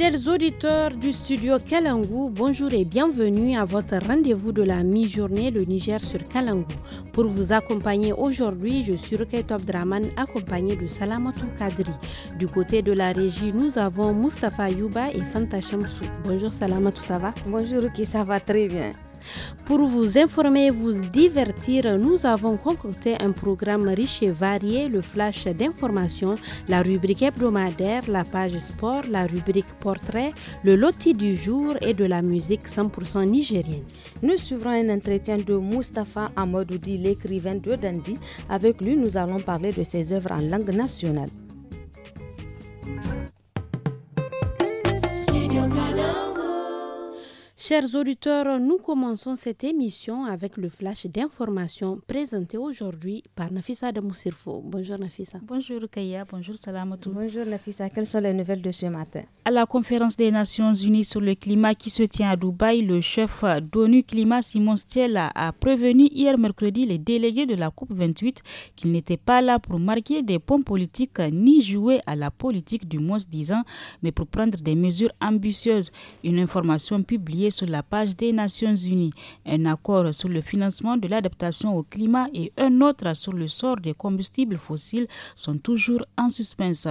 Fidèles auditeurs du studio Kalangou, bonjour et bienvenue à votre rendez-vous de la mi-journée Le Niger sur Kalangou. Pour vous accompagner aujourd'hui, je suis Top Draman accompagné de Salamatou Kadri. Du côté de la régie, nous avons Mustafa Yuba et Fanta Chamsou. Bonjour Salamatou, ça va Bonjour qui ça va très bien. Pour vous informer et vous divertir, nous avons concocté un programme riche et varié, le flash d'informations, la rubrique hebdomadaire, la page sport, la rubrique portrait, le loti du jour et de la musique 100% nigérienne. Nous suivrons un entretien de Mustapha Amadoudi, l'écrivain de Dandi. Avec lui, nous allons parler de ses œuvres en langue nationale. Chers auditeurs, nous commençons cette émission avec le flash d'information présenté aujourd'hui par Nafisa de Moussirfo. Bonjour Nafisa. Bonjour Kaya, bonjour Salamatou. Bonjour Nafisa. quelles sont les nouvelles de ce matin À la conférence des Nations Unies sur le climat qui se tient à Dubaï, le chef d'ONU Climat Simon Stiel a prévenu hier mercredi les délégués de la COP 28 qu'il n'était pas là pour marquer des ponts politiques ni jouer à la politique du moins 10 ans, mais pour prendre des mesures ambitieuses. Une information publiée sur la page des Nations Unies, un accord sur le financement de l'adaptation au climat et un autre sur le sort des combustibles fossiles sont toujours en suspens.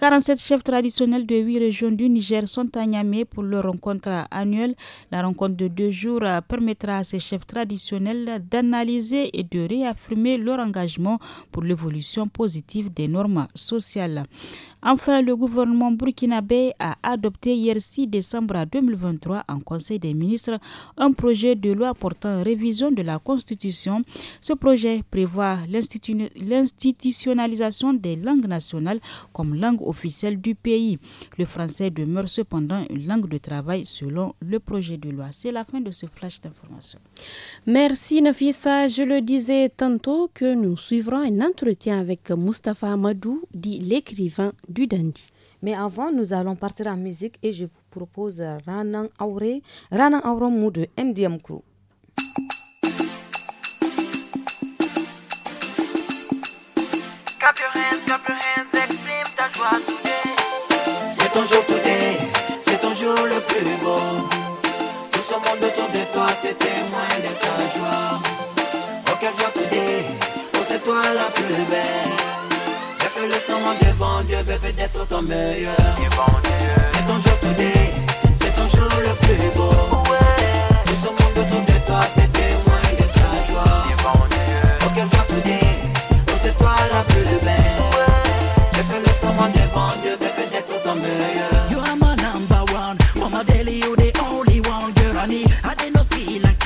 47 chefs traditionnels de 8 régions du Niger sont à Niamey pour leur rencontre annuelle. La rencontre de deux jours euh, permettra à ces chefs traditionnels d'analyser et de réaffirmer leur engagement pour l'évolution positive des normes sociales. Enfin, le gouvernement burkinabé a adopté hier 6 décembre 2023 en Conseil des ministres un projet de loi portant révision de la Constitution. Ce projet prévoit l'institutionnalisation des langues nationales comme langue officielle du pays. Le français demeure cependant une langue de travail selon le projet de loi. C'est la fin de ce flash d'information. Merci Nafisa. Je le disais tantôt que nous suivrons un entretien avec Mustapha Amadou, dit l'écrivain du Dandi. Mais avant, nous allons partir en musique et je vous propose Ranan Auré, Ranan Auromou de MDM Crew. Clap your hands, ton jour c'est ton jour le plus beau. Tout ce monde autour de toi, t'es témoin de sa joie. Oh, quelle joie dit, oh, c'est toi la plus belle. J'ai fait le devant Dieu, bébé, d'être ton meilleur. C'est ton jour c'est ton jour le plus beau. Tout ce monde autour de toi, t'es témoin de sa joie. Au quelle joie dit, oh, c'est toi la plus belle.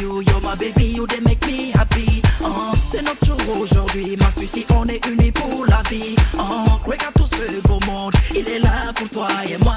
yo baby, you they make me happy. Uh-huh. c'est notre jour aujourd'hui, ma suite, on est unis pour la vie. Uh-huh. regarde tout ce beau monde, il est là pour toi et moi.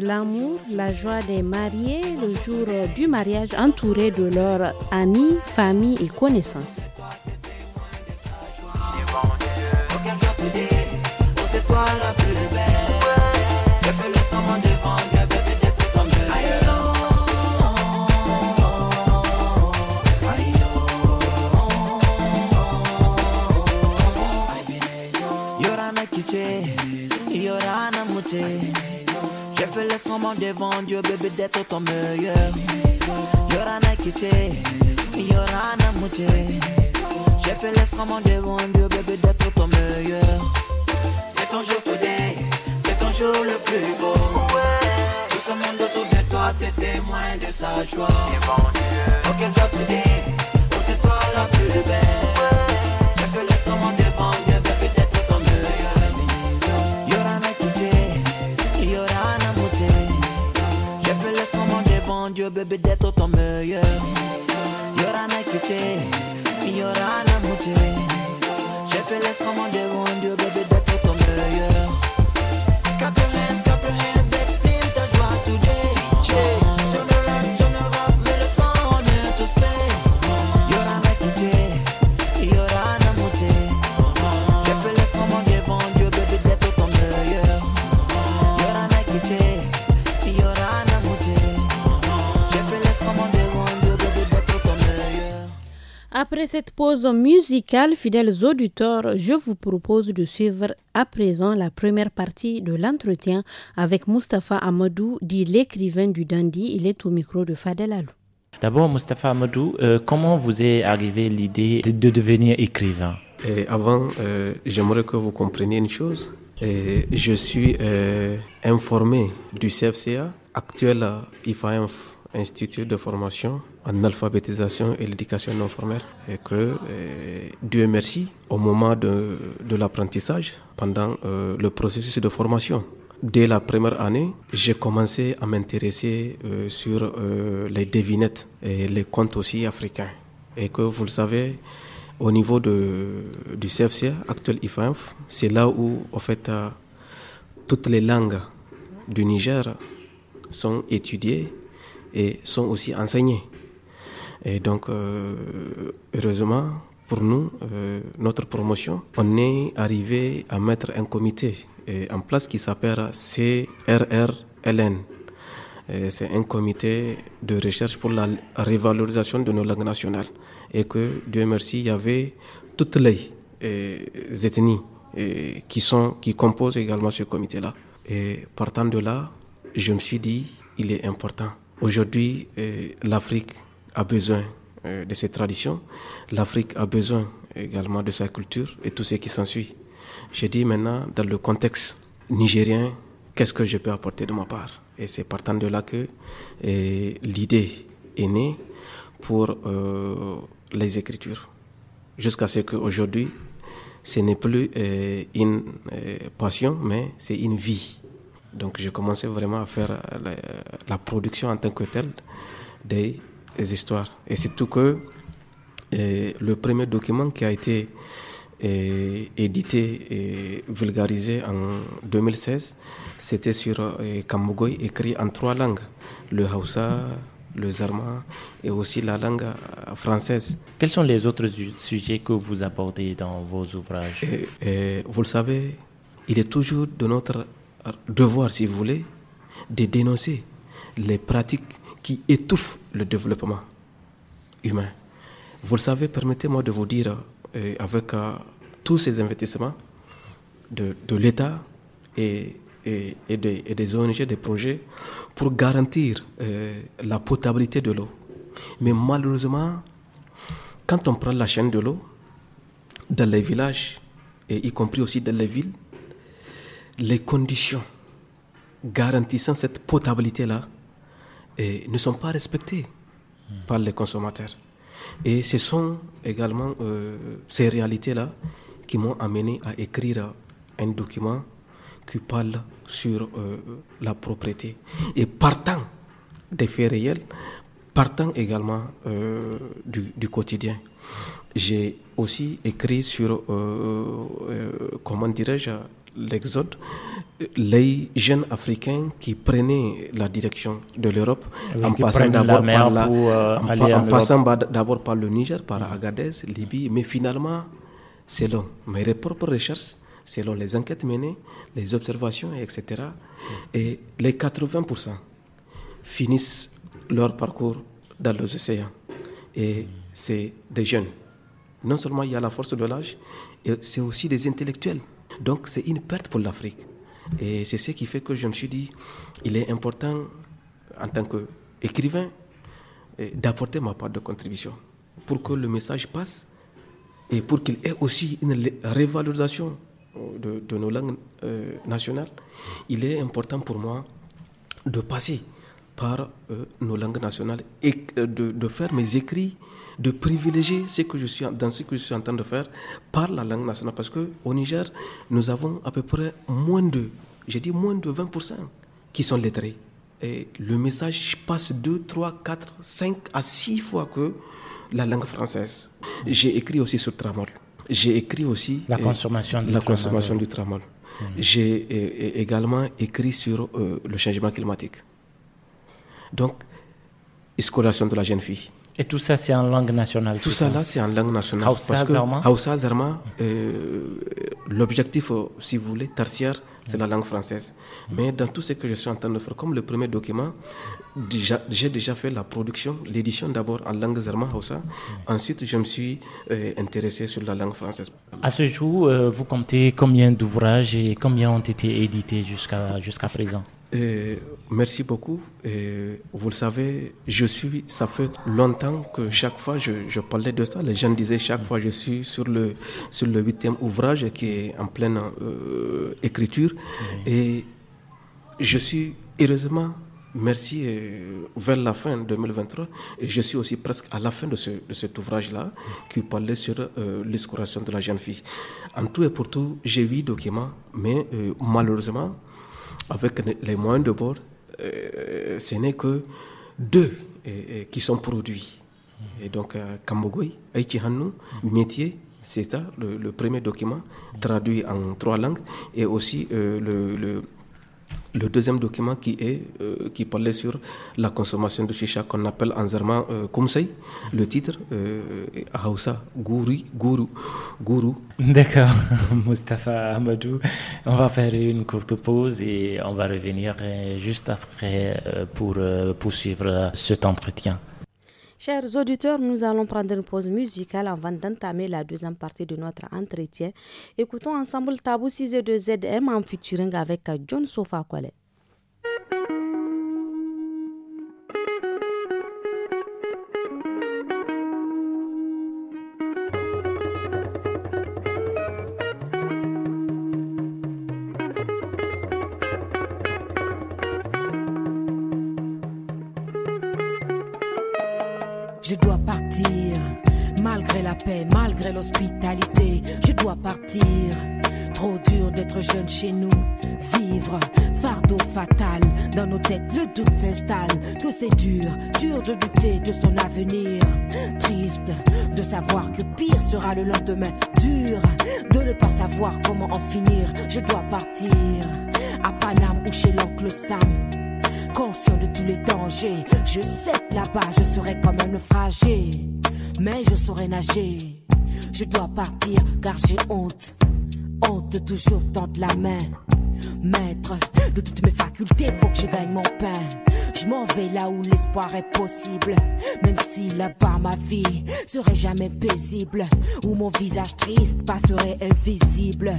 l'amour, la joie des mariés le jour du mariage entouré de leurs amis, familles et connaissances. लिए तो तुम Yorana quitter, Yorana mouter. J'ai fait l'est commander mon Dieu, bébé, d'être ton meilleur. C'est ton jour today, c'est ton jour le plus beau. Ouais. Tout ce monde autour de toi, t'es témoin de sa joie. Et bon Dieu, auquel joie today, oh c'est toi la plus belle. mon Dieu, bébé, d'être autant meilleur. Y'aura n'a quitté, il y aura la moitié. J'ai fait l'escroc, mon Dieu, mon Dieu, bébé, d'être autant meilleur. Après cette pause musicale, fidèles auditeurs, je vous propose de suivre à présent la première partie de l'entretien avec Mustapha Amadou, dit l'écrivain du Dandy. Il est au micro de Fadel Alou. D'abord, Mustapha Amadou, euh, comment vous est arrivée l'idée de, devenir écrivain euh, Avant, euh, j'aimerais que vous compreniez une chose. je suis informé du CFCA, actuel IFAMF, Institut de formation en alphabétisation et l'éducation non formelle. Et que, eh, Dieu merci, au moment de, de l'apprentissage, pendant euh, le processus de formation, dès la première année, j'ai commencé à m'intéresser euh, sur euh, les devinettes et les contes aussi africains. Et que vous le savez, au niveau de, du CFC, actuel IFINF, c'est là où, en fait, toutes les langues du Niger sont étudiées et sont aussi enseignées. Et donc, euh, heureusement, pour nous, euh, notre promotion, on est arrivé à mettre un comité euh, en place qui s'appelle CRRLN. C'est un comité de recherche pour la revalorisation de nos langues nationales. Et que, Dieu merci, il y avait toutes les ethnies qui, sont, qui composent également ce comité-là. Et partant de là, je me suis dit, il est important. Aujourd'hui, l'Afrique a besoin euh, de ses traditions, l'Afrique a besoin également de sa culture et tout ce qui s'ensuit. J'ai dit maintenant, dans le contexte nigérien, qu'est-ce que je peux apporter de ma part Et c'est partant de là que euh, l'idée est née pour euh, les écritures. Jusqu'à ce qu'aujourd'hui, ce n'est plus une passion, mais c'est une vie. Donc j'ai commencé vraiment à faire la, production en tant que telle des histoires. Et c'est tout que le premier document qui a été édité et vulgarisé en 2016, c'était sur Kamogoy, écrit en trois langues, le Hausa, le Zarma et aussi la langue française. Quels sont les autres sujets que vous abordez dans vos ouvrages Vous le savez, il est toujours de notre devoir, si vous voulez, de dénoncer les pratiques qui étouffe le développement humain. Vous le savez, permettez-moi de vous dire, euh, avec euh, tous ces investissements de, l'État et, des ONG, des projets, pour garantir euh, la potabilité de l'eau. Mais malheureusement, quand on prend la chaîne de l'eau, dans les villages, et y compris aussi dans les villes, les conditions garantissant cette potabilité-là et ne sont pas respectés par les consommateurs. Et ce sont également euh, ces réalités-là qui m'ont amené à écrire un document qui parle sur euh, la propriété. Et partant des faits réels, partant également euh, du, du, quotidien. J'ai aussi écrit sur, comment dirais-je, l'exode, les jeunes Africains qui prenaient la direction de l'Europe, en passant d'abord par, la, euh, en, passant d'abord par le Niger, par Agadez, Libye, mais finalement, selon mes propres recherches, selon les enquêtes menées, les observations, etc., mm. et les 80% finissent leur parcours dans les océans. Et c'est des jeunes. Non seulement il y a la force de l'âge, c'est aussi des intellectuels. Donc c'est une perte pour l'Afrique. Et c'est ce qui fait que je me suis dit, il est important, en tant qu'écrivain, d'apporter ma part de contribution pour que le message passe et pour qu'il ait aussi une révalorisation euh, de, nos langues euh, nationales. Il est important pour moi de passer par euh, nos langues nationales et de faire mes écrits de privilégier ce que je suis, dans ce que je suis en train de faire par la langue nationale. Parce qu'au Niger, nous avons à peu près moins de, j'ai dit moins de 20% qui sont lettrés. Et le message passe 2, 3, 4, 5 à 6 fois que la langue française. J'ai écrit aussi sur Tramol. J'ai écrit aussi la euh, consommation du, la tramol. Consommation du tramol. Mhm. J'ai euh, euh, également écrit sur le changement climatique. Donc, scolation de la jeune fille. Et tout ça, c'est en langue nationale Tout ça, là, c'est en langue nationale. parce que euh, l'objectif, euh, si vous voulez, tertiaire, c'est la langue française. Mm. Mais dans tout ce que je suis en train de faire, comme le premier document, j'ai déjà fait la production, l'édition d'abord en langue Zerma Hausa. Ensuite, je me suis euh, intéressé sur la langue française. À ce jour, euh, vous comptez combien d'ouvrages et combien ont été édités jusqu'à jusqu'à présent euh, Merci beaucoup. vous le savez, je suis. Ça fait longtemps que chaque fois je, parlais de ça. Les gens disaient chaque mm. fois je suis sur le sur le huitième ouvrage qui est en pleine écriture mm. et je suis heureusement merci euh, vers la fin 2023. Et je suis aussi presque à la fin de, ce, cet ouvrage-là qui parlait sur euh, de la jeune fille. En tout et pour tout, j'ai huit documents, mais euh, malheureusement, avec les moyens de bord, euh, ce n'est que deux qui sont produits. Et donc, Kambogoy, Aichi Métier, c'est ça, le, premier document, traduit en trois langues, et aussi le le deuxième document qui est euh, qui parlait sur la consommation de chicha qu'on appelle en zerman euh, kumsei le titre euh, Hausa Gourou Gourou D'accord Mustapha Amadou, on va faire une courte pause et on va revenir juste après pour poursuivre cet entretien Chers auditeurs, nous allons prendre une pause musicale avant d'entamer la deuxième partie de notre entretien. Écoutons ensemble Tabou 6 et 2 ZM en featuring avec John Sofa Je dois partir. Malgré la paix, malgré l'hospitalité, je dois partir. Trop dur d'être jeune chez nous. Vivre, fardeau fatal. Dans nos têtes, le doute s'installe. Que c'est dur, dur de douter de son avenir. Triste de savoir que pire sera le lendemain. Dur de ne pas savoir comment en finir. Je dois partir. À Panam ou chez l'oncle Sam conscient de tous les dangers. Je sais que là-bas, je serai comme un naufragé, mais je saurai nager. Je dois partir car j'ai honte, honte toujours tendre la main. Maître de toutes mes facultés, faut que je gagne mon pain. Je m'en vais là où l'espoir est possible, même si là-bas ma vie serait jamais paisible, où mon visage triste passerait invisible.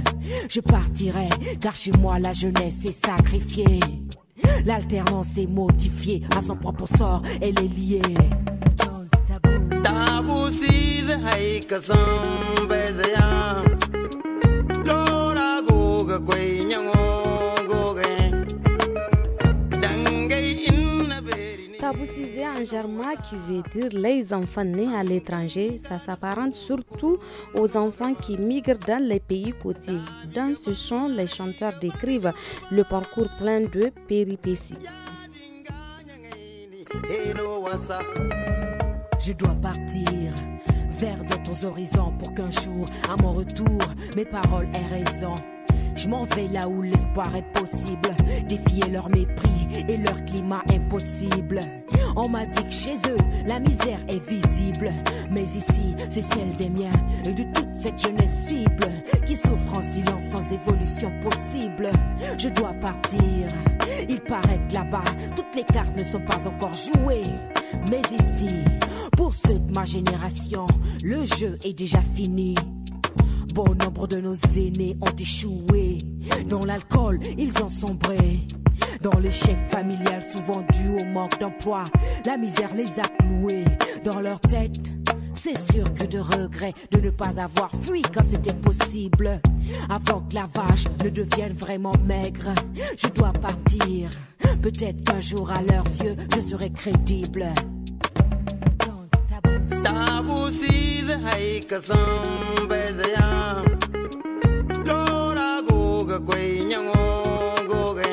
Je partirai car chez moi la jeunesse est sacrifiée. L'alternance est modifiée à son propre sort, elle est liée. préciser en germain qui veut dire les enfants nés à l'étranger, ça s'apparente surtout aux enfants qui migrent dans les pays côtiers. Dans ce chant, les chanteurs décrivent le parcours plein de péripéties. Je dois partir vers d'autres horizons pour qu'un jour, à mon retour, mes paroles aient raison m'en vais là où l'espoir est possible. Défier leur mépris et leur climat impossible. On m'a dit que chez eux, la misère est visible. Mais ici, c'est celle des miens et de toute cette jeunesse cible qui souffre en silence sans évolution possible. Je dois partir. Il paraît que là-bas, toutes les cartes ne sont pas encore jouées. Mais ici, pour ceux de ma génération, le jeu est déjà fini. Bon nombre de nos aînés ont échoué. Dans l'alcool, ils ont sombré. Dans l'échec familial, souvent dû au manque d'emploi, la misère les a cloués dans leur tête. C'est sûr que de regret de ne pas avoir fui quand c'était possible. Avant que la vache ne devienne vraiment maigre, je dois partir. Peut-être qu'un jour à leurs yeux, je serai crédible koye ñagogoge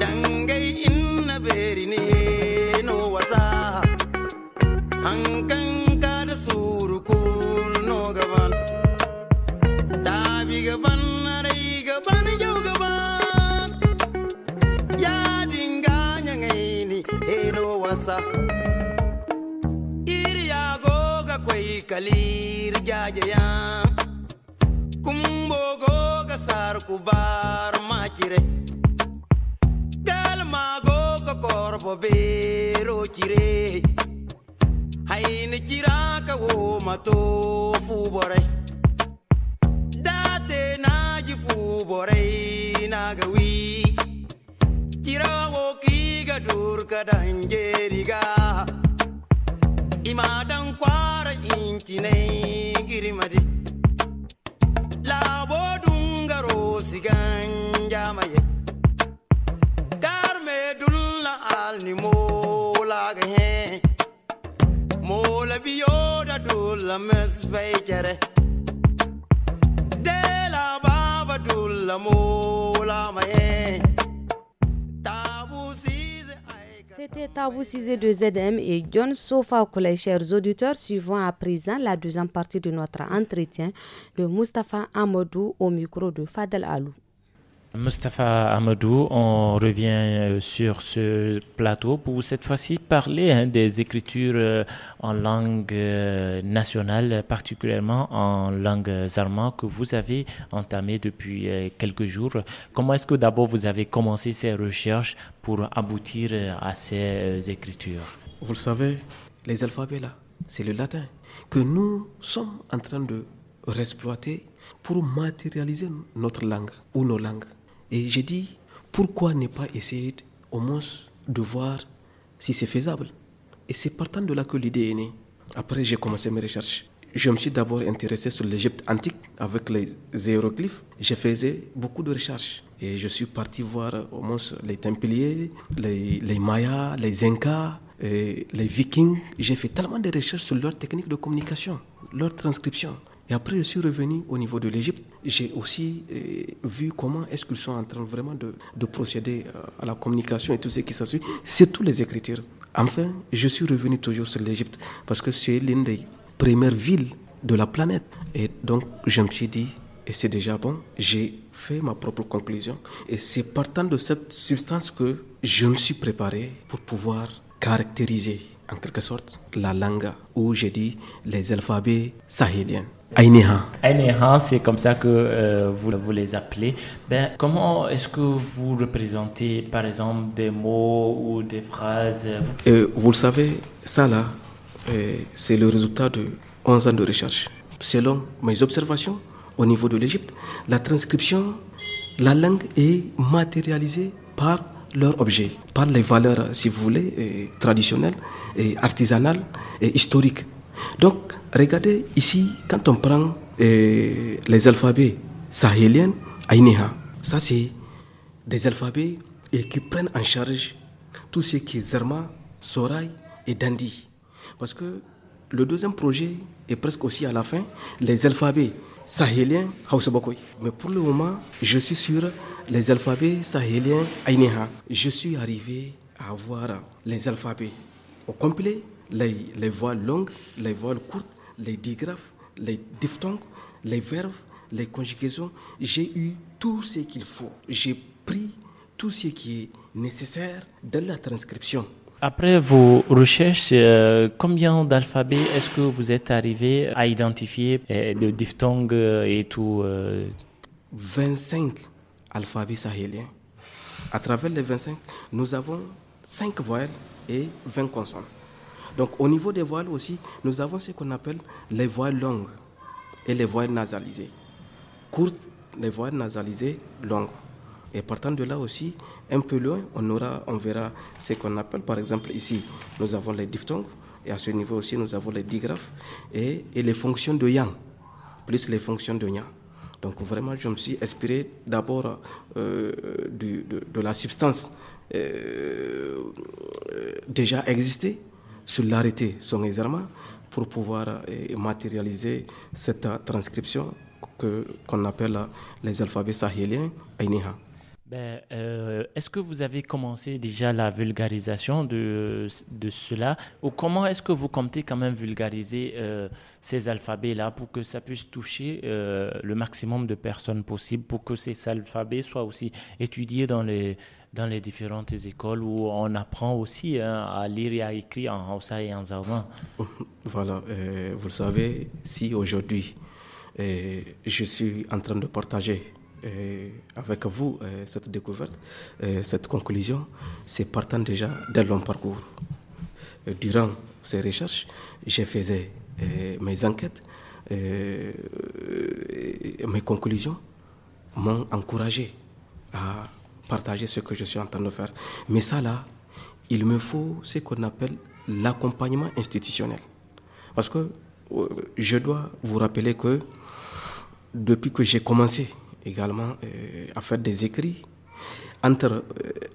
dangay inna berini no wasa, hankan kada suru kul no gaban tabi gaban yadinga gaban jau gaban ya dinga he no wasa iri yagoga koy kalir mbogo ka sar ku bar ma cire gal mago ka korbo bero date na ji fu borai na gawi cira wo Vous c'est de ZM et John Sofa collège, chers auditeurs, suivant à présent la deuxième partie de notre entretien de Mustapha Amadou au micro de Fadel Alou. Mustapha Amadou, on revient euh, sur ce plateau pour cette fois-ci parler hein, des écritures euh, en langue euh, nationale, particulièrement en langue zarma que vous avez entamé depuis quelques jours. Comment est-ce que d'abord vous avez commencé ces recherches pour aboutir à ces écritures Vous le savez, les alphabets là, c'est le latin que nous sommes en train de réexploiter pour matérialiser notre langue ou nos langues. Et j'ai dit, pourquoi ne pas essayer au moins de voir si c'est faisable Et c'est partant de là que l'idée est née. Après, j'ai commencé mes recherches. Je me suis d'abord intéressé sur l'Égypte antique avec les hiéroglyphes. Je faisais beaucoup de recherches. Et je suis parti voir au moins les Templiers, les, Mayas, les Incas, les Vikings. J'ai fait tellement de recherches sur leurs techniques de communication, leur transcription. Et après, je suis revenu au niveau de l'Égypte. J'ai aussi euh, vu comment est-ce qu'ils sont en train vraiment de, de procéder euh, à la communication et tout ce qui C'est tous les écritures. Enfin, je suis revenu toujours sur l'Égypte parce que c'est l'une des premières villes de la planète. Et donc, je me suis dit, et c'est déjà bon, j'ai fait ma propre conclusion. Et c'est partant de cette substance que je me suis préparé pour pouvoir caractériser en quelque sorte la langue où j'ai dit les alphabets sahéliens. Aineha. Aineha, c'est comme ça que euh, vous, vous, les appelez. Ben, comment est-ce que vous représentez, par exemple, des mots ou des phrases euh, Vous le savez, ça là, euh, c'est le résultat de 11 ans de recherche. Selon mes observations au niveau de l'Égypte, la transcription, la langue est matérialisée par leur objet, par les valeurs, si vous voulez, euh, traditionnelles, et artisanales et historiques. Donc, regardez ici, quand on prend euh, les alphabets sahéliens, Aïneha, ça c'est des alphabets et qui prennent en charge tout ce qui est Zerma, Soraï et Dandi. Parce que le deuxième projet est presque aussi à la fin, les alphabets sahéliens, Mais pour le moment, je suis sûr les alphabets sahéliens Je suis arrivé à avoir les alphabets au complet, les, les voiles longues, les voiles courtes, les digraphes, les diphtongues, les verbes, les conjugaisons. J'ai eu tout ce qu'il faut. J'ai pris tout ce qui est nécessaire dans la transcription. Après vos recherches, euh, combien d'alphabets est-ce que vous êtes arrivé à identifier, euh, de diphtongues euh, et tout 25 alphabet sahélien. À travers les 25, nous avons 5 voiles et 20 consonnes. Donc au niveau des voiles aussi, nous avons ce qu'on appelle les voiles longues et les voiles nasalisées. Courtes, les voiles nasalisées longues. Et partant de là aussi, un peu loin, on, aura, on verra ce qu'on appelle, par exemple ici, nous avons les diphtongues, et à ce niveau aussi, nous avons les digraphes, et, et les fonctions de yang, plus les fonctions de yang. Donc vraiment, je me suis inspiré d'abord euh, de, la substance euh, euh, déjà existée sur l'arrêté son examen pour pouvoir matérialiser cette transcription qu'on appelle les alphabets sahéliens Ainiha. Ben, euh, est-ce que vous avez commencé déjà la vulgarisation de, cela ou comment est-ce que vous comptez quand même vulgariser euh, ces alphabets-là pour que ça puisse toucher euh, le maximum de personnes possible, pour que ces alphabets soient aussi étudiés dans les, dans les différentes écoles où on apprend aussi hein, à lire et à écrire en Hausa et en Zarma Voilà, vous le savez, si aujourd'hui je suis en train de partager avec vous euh, cette découverte, euh, cette conclusion. C'est partant déjà d'un long parcours. Euh, durant ces recherches, je faisais mes enquêtes, mes conclusions m'ont encouragé à partager ce que je suis en train de faire. Mais ça là, il me faut ce qu'on appelle l'accompagnement institutionnel. Parce que je dois vous rappeler que depuis que j'ai commencé également euh, à faire des écrits entre euh,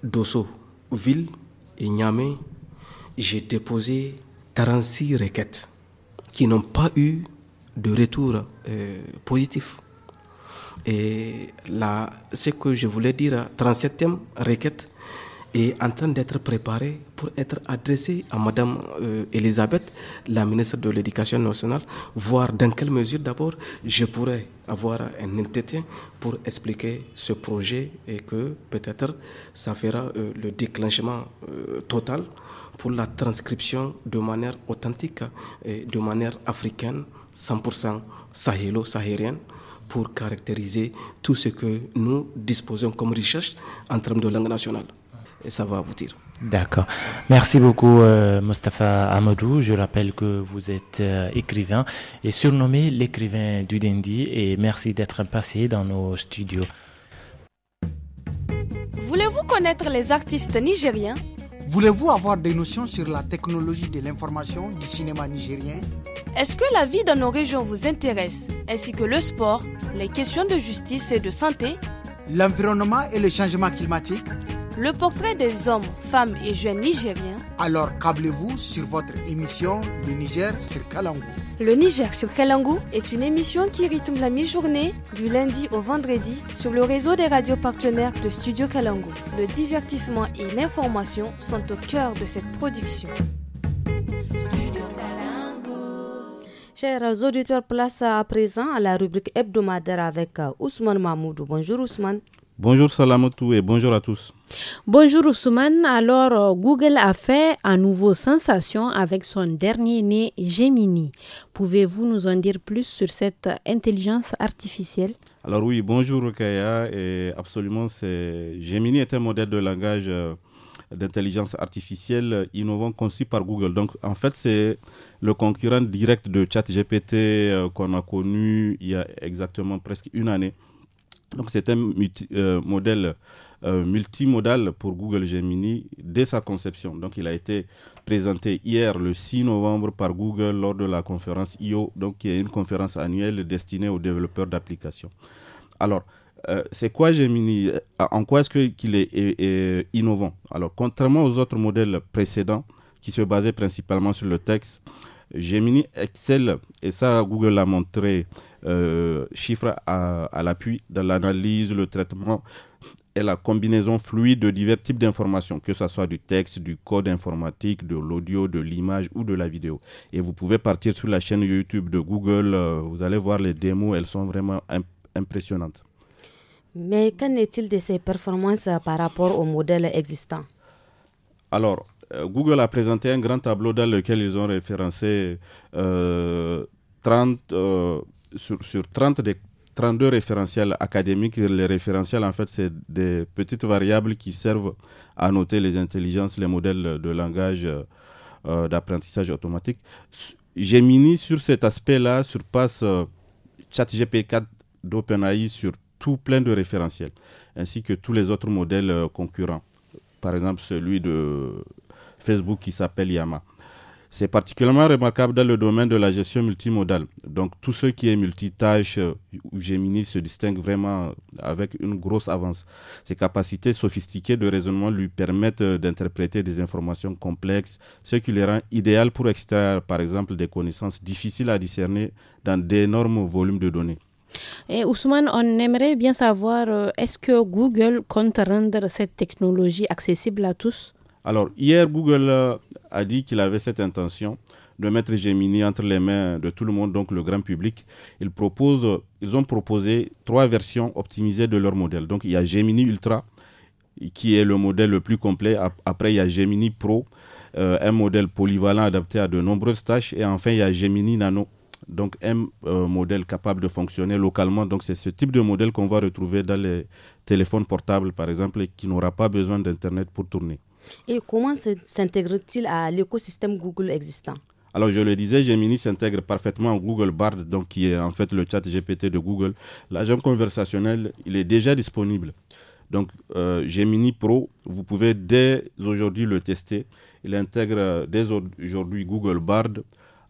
Dosso, ville et Niamey. J'ai déposé 36 requêtes qui n'ont pas eu de retour euh, positif. Et ce que je voulais dire, 37e requête est en train d'être préparée pour être adressée à Madame Elisabeth, la ministre de l'Éducation nationale, voir dans quelle mesure d'abord je pourrais avoir un entretien pour expliquer ce projet et que peut-être ça fera euh, le déclenchement euh, total pour la transcription de manière authentique et de manière africaine, 100% sahélo sahérienne pour caractériser tout ce que nous disposons comme recherche en termes de langue nationale. Et ça va aboutir. D'accord. Merci beaucoup, euh, Mustapha Amadou. Je rappelle que vous êtes euh, écrivain et surnommé l'écrivain du Dendi et merci d'être passé dans nos studios. Voulez-vous connaître les artistes nigériens Voulez-vous avoir des notions sur la technologie de l'information du cinéma nigérien Est-ce que la vie dans nos régions vous intéresse, ainsi que le sport, les questions de justice et de santé L'environnement et le changement climatique le portrait des hommes, femmes et jeunes nigériens. Alors câblez-vous sur votre émission Le Niger sur Kalangou. Le Niger sur Kalangou est une émission qui rythme la mi-journée du lundi au vendredi sur le réseau des radios partenaires de Studio Kalangou. Le divertissement et l'information sont au cœur de cette production. Chers auditeurs, place à présent à la rubrique hebdomadaire avec euh, Ousmane Mahmoud. Bonjour Ousmane. Bonjour Salamoutou et bonjour à tous. Bonjour Ousmane. Alors, euh, Google a fait à nouveau sensation avec son dernier né Gemini. Pouvez-vous nous en dire plus sur cette intelligence artificielle Alors oui, bonjour Kaya. Et absolument, c'est Gemini est un modèle de langage euh, d'intelligence artificielle innovant conçu par Google. Donc, en fait, c'est le concurrent direct de ChatGPT euh, qu'on a connu il y a exactement presque une année. Donc c'est un euh, modèle euh, multimodal pour Google Gemini dès sa conception. Donc il a été présenté hier le 6 novembre par Google lors de la conférence IO, donc qui est une conférence annuelle destinée aux développeurs d'applications. Alors, euh, c'est quoi Gemini En quoi est-ce qu'il est, innovant Alors, contrairement aux autres modèles précédents qui se basaient principalement sur le texte, Gemini Excel, et ça Google l'a montré euh, chiffres à, l'appui de l'analyse, le traitement et la combinaison fluide de divers types d'informations, que ce soit du texte, du code informatique, de l'audio, de l'image ou de la vidéo. Et vous pouvez partir sur la chaîne YouTube de Google, euh, vous allez voir les démos, elles sont vraiment impressionnantes. Mais qu'en est-il de ces performances euh, par rapport aux modèles existants? Alors, Google a présenté un grand tableau dans lequel ils ont référencé 30 sur, sur 30 des 32 référentiels académiques. Les référentiels, en fait, c'est des petites variables qui servent à noter les intelligences, les modèles de langage euh, d'apprentissage automatique. Gemini, sur cet aspect-là, surpasse euh, ChatGP4 d'OpenAI sur tout plein de référentiels, ainsi que tous les autres modèles euh, concurrents. Par exemple, celui de Facebook qui s'appelle Yama. C'est particulièrement remarquable dans le domaine de la gestion multimodale. Donc tout ce qui est multitâche euh, ou Gemini se distingue vraiment euh, avec une grosse avance. Ses capacités sophistiquées de raisonnement lui permettent euh, d'interpréter des informations complexes, ce qui les rend idéal pour extraire par exemple des connaissances difficiles à discerner dans d'énormes volumes de données. Et Ousmane, on aimerait bien savoir, est-ce que Google compte rendre cette technologie accessible à tous alors, hier, Google euh, a dit qu'il avait cette intention de mettre Gemini entre les mains de tout le monde, donc le grand public. Ils, euh, ils ont proposé trois versions optimisées de leur modèle. Donc, il y a Gemini Ultra, qui est le modèle le plus complet. Après, il y a Gemini Pro, euh, un modèle polyvalent adapté à de nombreuses tâches. Et enfin, il y a Gemini Nano, donc un modèle capable de fonctionner localement. Donc c'est ce type de modèle qu'on va retrouver dans les téléphones portables, par exemple, et qui n'aura pas besoin d'Internet pour tourner. Et comment s'intègre-t-il à l'écosystème Google existant alors, je le disais, Gemini s'intègre parfaitement à Google Bard, donc qui est en fait le chat GPT de Google. L'agent conversationnel, il est déjà disponible. Donc, euh, Gemini Pro, vous pouvez dès aujourd'hui le tester. Il intègre dès aujourd'hui Google Bard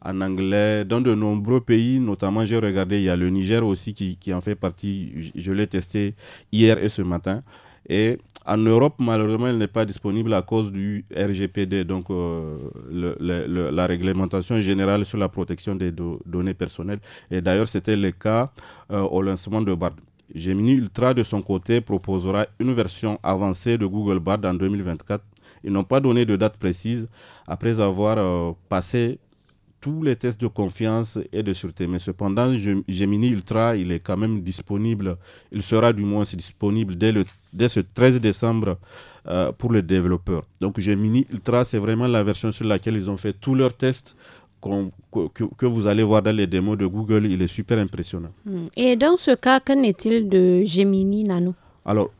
en anglais dans de nombreux pays, notamment j'ai regardé, il y a le Niger aussi qui, en fait partie. je l'ai testé hier et ce matin. Et en Europe, malheureusement, elle n'est pas disponible à cause du RGPD, donc euh, la réglementation générale sur la protection des données personnelles. Et d'ailleurs, c'était le cas euh, au lancement de BARD. Gemini Ultra, de son côté, proposera une version avancée de Google BARD en 2024. Ils n'ont pas donné de date précise après avoir euh, passé tous les tests de confiance et de sûreté. Mais cependant, Gemini Ultra, il est quand même disponible, il sera du moins disponible dès, le, dès ce 13 décembre euh, pour les développeurs. Donc Gemini Ultra, c'est vraiment la version sur laquelle ils ont fait tous leurs tests. que, que, vous allez voir dans les démos de Google, il est super impressionnant. Hmm. Et dans ce cas, qu'en est-il de Gemini Nano Alors,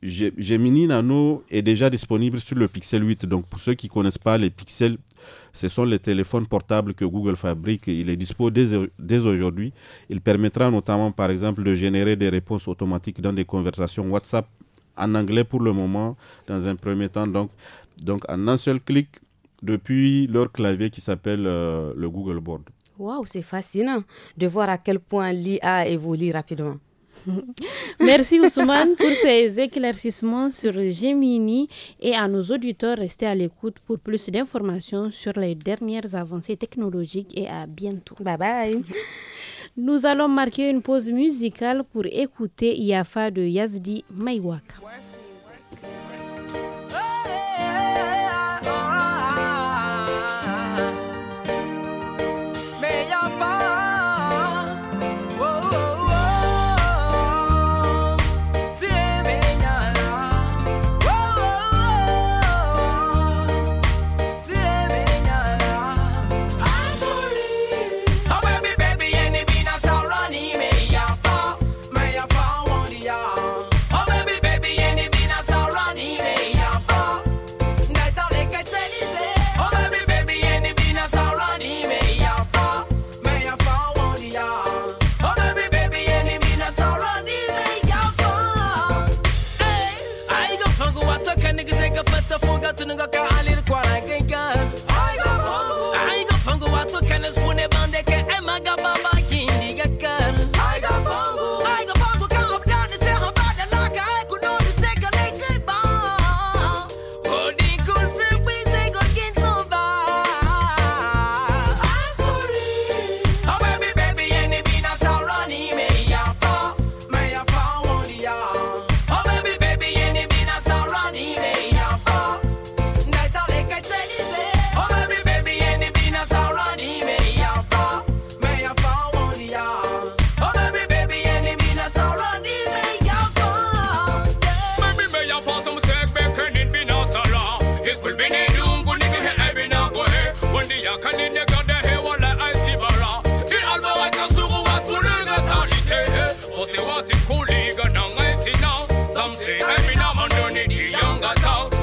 Gemini Nano est déjà disponible sur le Pixel 8. Donc, pour ceux qui ne connaissent pas les pixels, ce sont les téléphones portables que Google fabrique. Il est dispo dès, aujourd'hui. Il permettra notamment, par exemple, de générer des réponses automatiques dans des conversations WhatsApp en anglais pour le moment, dans un premier temps. Donc, donc en un seul clic, depuis leur clavier qui s'appelle euh, le Google Board. Waouh, c'est fascinant de voir à quel point l'IA évolue rapidement. Merci Ousmane pour ces éclaircissements sur Gemini et à nos auditeurs restez à l'écoute pour plus d'informations sur les dernières avancées technologiques et à bientôt. Bye bye. Nous allons marquer une pause musicale pour écouter Yafa de Yazdi Maywaka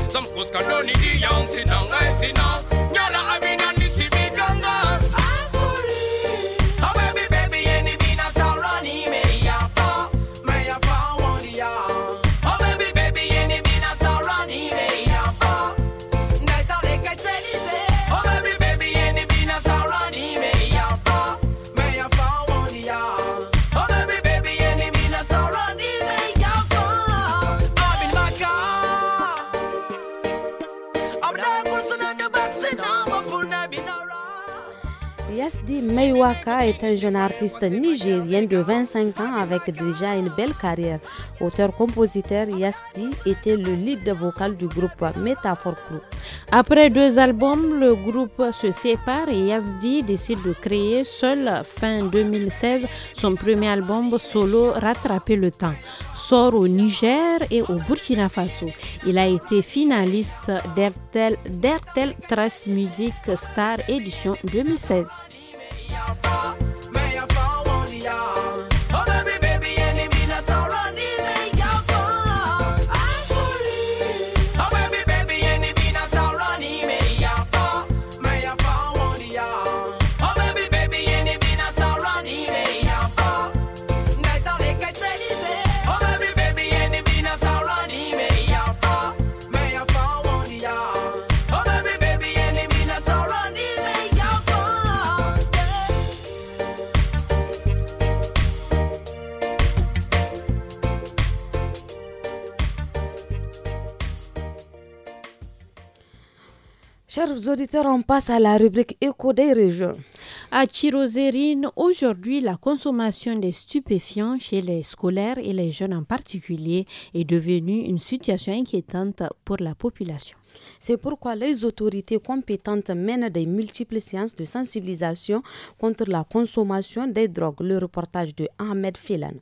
Some coast can only the young sinang, I now. Meiwaka est un jeune artiste nigérien de 25 ans avec déjà une belle carrière. Auteur-compositeur, Yasti était le lead vocal du groupe Métaphore Crew. Après deux albums, le groupe se sépare et Yasdi décide de créer seul fin 2016 son premier album solo Rattraper le temps. Sort au Niger et au Burkina Faso. Il a été finaliste d'Ertel Trace Music Star Edition 2016. y'all from? Chers auditeurs, on passe à la rubrique écho des régions. À Chirozérine, aujourd'hui, la consommation des stupéfiants chez les scolaires et les jeunes en particulier est devenue une situation inquiétante pour la population. C'est pourquoi les autorités compétentes mènent des multiples séances de sensibilisation contre la consommation des drogues. Le reportage de Ahmed Filan.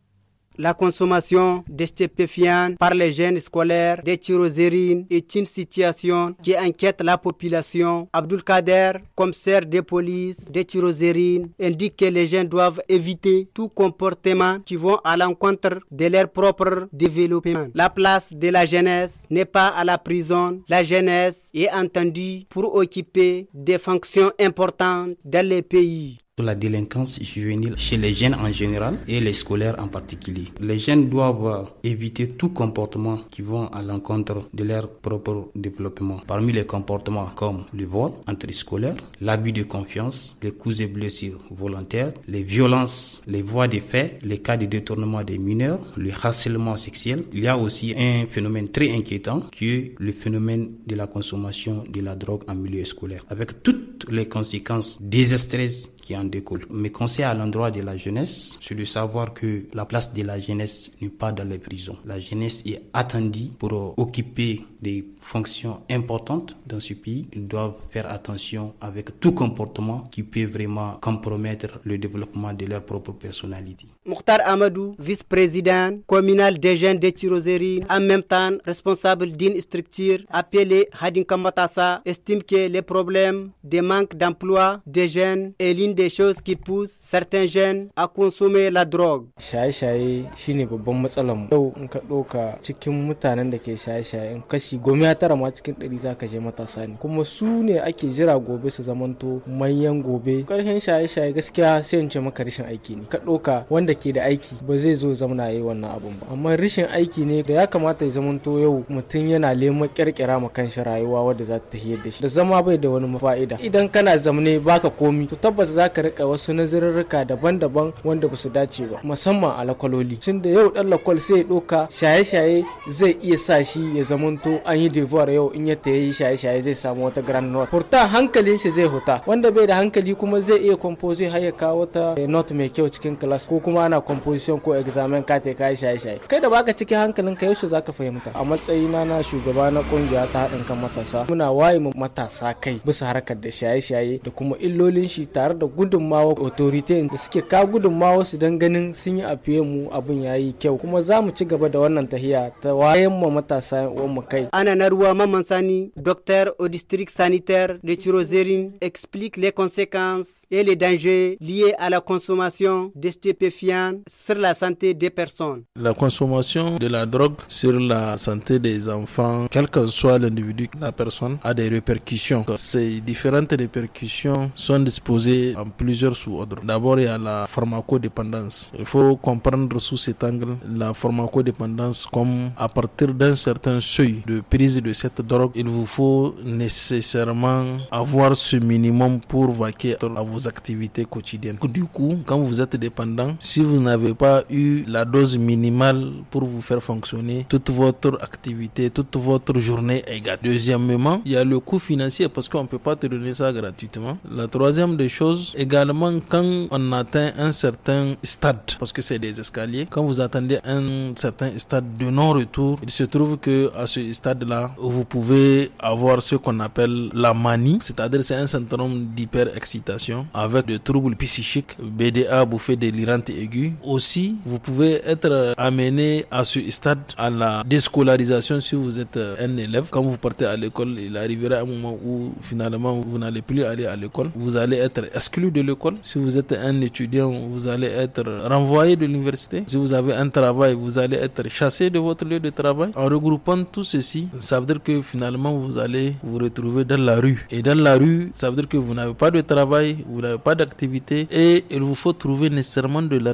La consommation de stépéfiants par les jeunes scolaires, des tyrosérines, est une situation qui inquiète la population. Abdul Kader, commissaire de police des tyrosérines, indique que les jeunes doivent éviter tout comportement qui vont à l'encontre de leur propre développement. La place de la jeunesse n'est pas à la prison. La jeunesse est entendue pour occuper des fonctions importantes dans les pays sur la délinquance juvénile chez les jeunes en général et les scolaires en particulier. Les jeunes doivent éviter tout comportement qui vont à l'encontre de leur propre développement. Parmi les comportements comme le vol entre scolaires, l'abus de confiance, les coups et blessures volontaires, les violences, les voies de fait, les cas de détournement des mineurs, le harcèlement sexuel. Il y a aussi un phénomène très inquiétant qui est le phénomène de la consommation de la drogue en milieu scolaire avec toutes les conséquences désastreuses qui en découle Mes conseils à l'endroit de la jeunesse, c'est de savoir que la place de la jeunesse n'est pas dans les prisons. La jeunesse est attendue pour occuper des fonctions importantes dans ce pays. Ils doivent faire attention avec tout comportement qui peut vraiment compromettre le développement de leur propre personnalité. Mokhtar Amadou, vice-président communal des jeunes de Tirozérine, en même temps responsable d'une structure appelée Hadin Kamatassa, estime que les problèmes de manque d'emploi des jeunes est l'une des choses qui pousse certains jeunes à consommer la drogue. Shaye-shaye shine babban matsalar mu. Yau in ka ɗauka cikin mutanen da ke shaye-shaye in kashi goma tara ma cikin ɗari za ka je matasa ne. Kuma su ne ake jira gobe su zamanto manyan gobe. Ƙarshen shaye-shaye gaskiya sai in ce maka aiki ke da aiki ba zai zo zamana yi wannan abun ba amma rashin aiki ne da ya kamata ya zamanto yau mutum yana neman kirkira ma kanshi rayuwa wadda za ta tahiyar da shi da zama bai da wani fa'ida idan kana zamne baka komi to tabbas za ka rika wasu nazarurruka daban-daban wanda ba su dace ba musamman a lakwaloli tun da yau dan lakwal sai ya doka shaye-shaye zai iya sa shi ya zamanto an yi devoir yau in ya tayi shaye-shaye zai samu wata grand note furta hankalin shi zai huta wanda bai da hankali kuma zai iya compose har ya kawo wata note mai kyau cikin class ko kuma ana composition ko examen ka te kai shaye shaye kai da baka cikin hankalin ka yaushe zaka fahimta a matsayina na shugaba na kungiya ta hadin kan matasa muna waye matasa kai bisa harkar da shaye shaye da kuma illolin shi tare da gudunmawa authority da suke ka gudunmawa su dan ganin sun yi afiye mu abin yayi kyau kuma za mu ci gaba da wannan tahiya ta wayan mu matasa uwan mu kai ana na ruwa mamman sani docteur au district sanitaire de Chirozérine explique les conséquences et les dangers liés à la consommation de stupéfiants sur la santé des personnes. La consommation de la drogue sur la santé des enfants, quel que soit l'individu, la personne, a des répercussions. Ces différentes répercussions sont disposées en plusieurs sous-ordres. D'abord, il y a la pharmacodépendance. Il faut comprendre sous cet angle la pharmacodépendance comme à partir d'un certain seuil de prise de cette drogue, il vous faut nécessairement avoir ce minimum pour vaquer à vos activités quotidiennes. Du coup, quand vous êtes dépendant, si vous n'avez pas eu la dose minimale pour vous faire fonctionner, toute votre activité, toute votre journée est Deuxièmement, il y a le coût financier parce qu'on ne peut pas te donner ça gratuitement. La troisième des choses, également quand on atteint un certain stade, parce que c'est des escaliers, quand vous attendez un certain stade de non-retour, il se trouve que à ce stade-là, vous pouvez avoir ce qu'on appelle la manie, c'est-à-dire c'est un syndrome d'hyper-excitation avec des troubles psychiques, BDA, bouffée délirante et aussi, vous pouvez être euh, amené à ce stade à la déscolarisation si vous êtes euh, un élève. Quand vous partez à l'école, il arrivera un moment où finalement vous n'allez plus aller à l'école. Vous allez être exclu de l'école. Si vous êtes un étudiant, vous allez être renvoyé de l'université. Si vous avez un travail, vous allez être chassé de votre lieu de travail. En regroupant tout ceci, ça veut dire que finalement vous allez vous retrouver dans la rue. Et dans la rue, ça veut dire que vous n'avez pas de travail, vous n'avez pas d'activité et il vous faut trouver nécessairement de la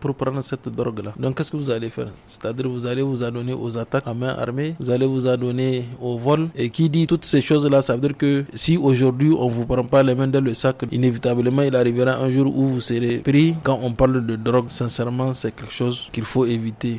pour prendre cette drogue-là. Donc qu'est-ce que vous allez faire C'est-à-dire vous allez vous adonner aux attaques à main armée, vous allez vous adonner au vol. Et qui dit toutes ces choses-là, ça veut dire que si aujourd'hui on vous prend pas les mains dans le sac, inévitablement il arrivera un jour où vous serez pris. Quand on parle de drogue, sincèrement, c'est quelque chose qu'il faut éviter.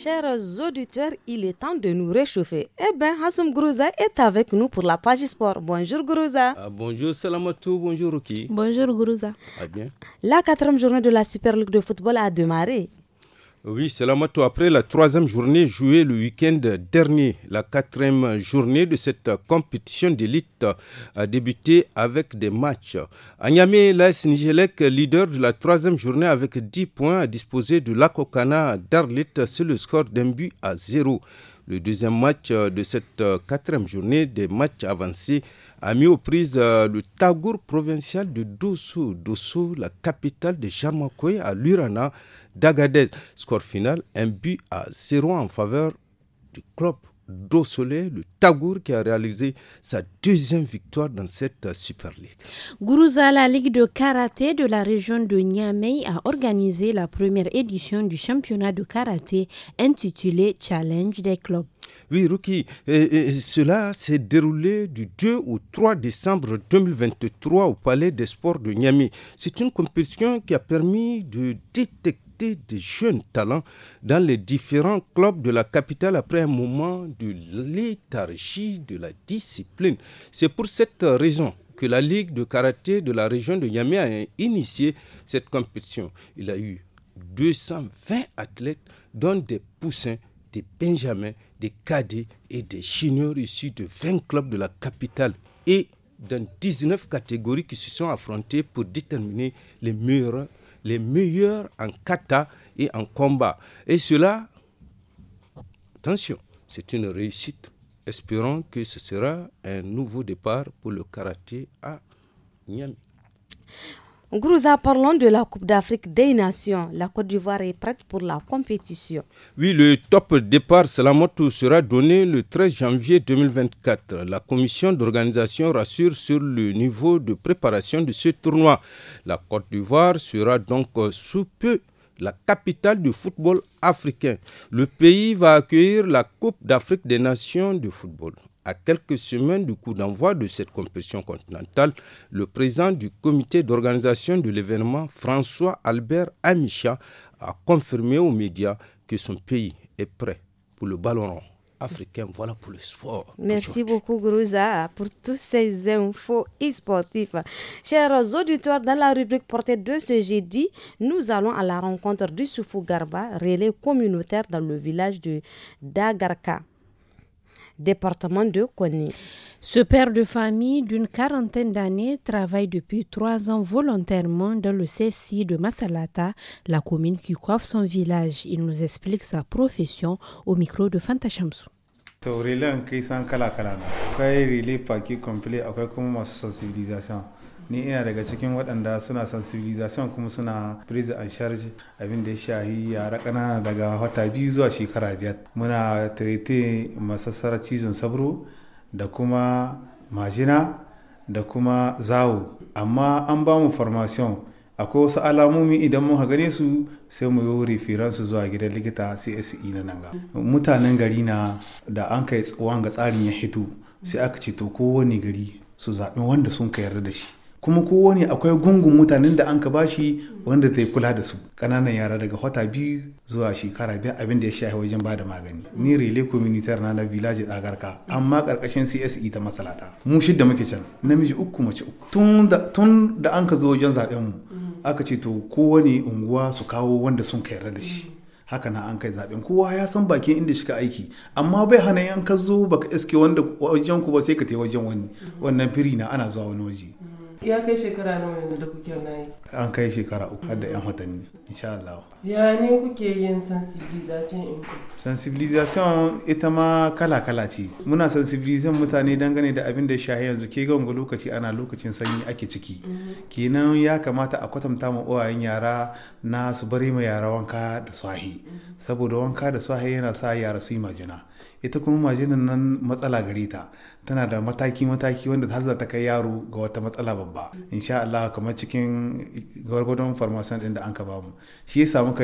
Chers auditeurs, il est temps de nous réchauffer. Eh bien, Hassoum Grouza est avec nous pour la page sport. Bonjour Grouza. Ah, bonjour Salamatou, bonjour Ruki. Bonjour Grouza. Ah, bien. La quatrième journée de la Super League de football a démarré. Oui, c'est moto après la troisième journée jouée le week-end dernier, la quatrième journée de cette compétition d'élite a débuté avec des matchs. Agname Laes Nigelek, leader de la troisième journée avec 10 points, a disposé de l'Akokana d'Arlit C'est le score d'un but à zéro. Le deuxième match de cette quatrième journée des matchs avancés a mis aux prises le Tagour provincial de Dosso, Dosso, la capitale de Jarmakoy à Lurana, d'Agadez. Score final, un but à 0 en faveur du club d'eau-soleil, le Tagour, qui a réalisé sa deuxième victoire dans cette Super League. Gourouza, la Ligue de karaté de la région de Niamey, a organisé la première édition du championnat de karaté intitulé Challenge des clubs. Oui, Ruki, cela s'est déroulé du 2 au 3 décembre 2023 au Palais des Sports de Niamey. C'est une compétition qui a permis de détecter des jeunes talents dans les différents clubs de la capitale après un moment de léthargie, de la discipline. C'est pour cette raison que la Ligue de karaté de la région de Yamé a initié cette compétition. Il a eu 220 athlètes, dont des poussins, des benjamins, des cadets et des juniors issus de 20 clubs de la capitale et dans 19 catégories qui se sont affrontés pour déterminer les meilleurs les meilleurs en kata et en combat. Et cela, attention, c'est une réussite. Espérons que ce sera un nouveau départ pour le karaté à Niamey. Grouza, parlons de la Coupe d'Afrique des Nations. La Côte d'Ivoire est prête pour la compétition. Oui, le top départ Salamoto sera donné le 13 janvier 2024. La commission d'organisation rassure sur le niveau de préparation de ce tournoi. La Côte d'Ivoire sera donc sous peu la capitale du football africain. Le pays va accueillir la Coupe d'Afrique des Nations de football à quelques semaines du coup d'envoi de cette compétition continentale, le président du comité d'organisation de l'événement, François Albert Amicha, a confirmé aux médias que son pays est prêt pour le ballon rond africain. Voilà pour le sport. Merci beaucoup, Grouza, pour toutes ces infos e-sportifs. Chers auditeurs, dans la rubrique portée de ce jeudi, nous allons à la rencontre du Soufou Garba, relais communautaire dans le village de Dagarka département de Kony. Ce père de famille d'une quarantaine d'années travaille depuis trois ans volontairement dans le CCI de Massalata, la commune qui coiffe son village. Il nous explique sa profession au micro de Fanta Chamsou. ni ina daga cikin waɗanda suna sensibilization kuma suna prison and charge abin da ya shahi yara ƙanana daga wata biyu zuwa shekara biyar muna tirete masassarar cizon sabro da kuma majina da kuma zawo amma an ba mu formation akwai wasu alamomi idan mun gane su sai mu yi firansu zuwa gidan likita CSE na nan ga mutanen gari na da an kai tsawon ga tsarin ya hito sai aka ce to kowane gari su zaɓi wanda sun ka yarda da shi kuma kowane akwai gungun mutanen da an ka bashi wanda zai kula da su kananan yara daga wata biyu zuwa shekara biyar abin da ya shafi wajen bada magani ni rile communitar na na village dagarka amma ƙarƙashin CSE ta masalata mu shidda muke can namiji uku mace uku tun da an ka zo wajen zaben mu aka ce to kowane unguwa su kawo wanda sun ka yarda da shi haka na an kai zaben kowa ya san bakin inda shi ka aiki amma bai hana yan ka zo baka iske wanda wajen ku ba sai ka tai wajen wani wannan firi na ana zuwa wani waje ya kai shekara nawa yanzu da kuke na an kai shekara uku har da yan watanni insha Allah ya ne kuke yin sensibilization in ku sensibilization ita ma kala kala ce muna sensibilization mutane dangane da abin da ya shahi yanzu ke gangu lokaci ana lokacin sanyi ake ciki mm-hmm. kenan ya kamata a kwatanta ma uwayen yara na su bari ma yara wanka da swahi mm-hmm. saboda wanka da swahi yana sa yara su yi majina ita kuma majinan nan matsala gare ta tana da mataki-mataki wanda ta za ta kai yaro ga wata matsala babba insha Allah kamar cikin gwargwadon farmasiyon din da an ka bamu shi ya samu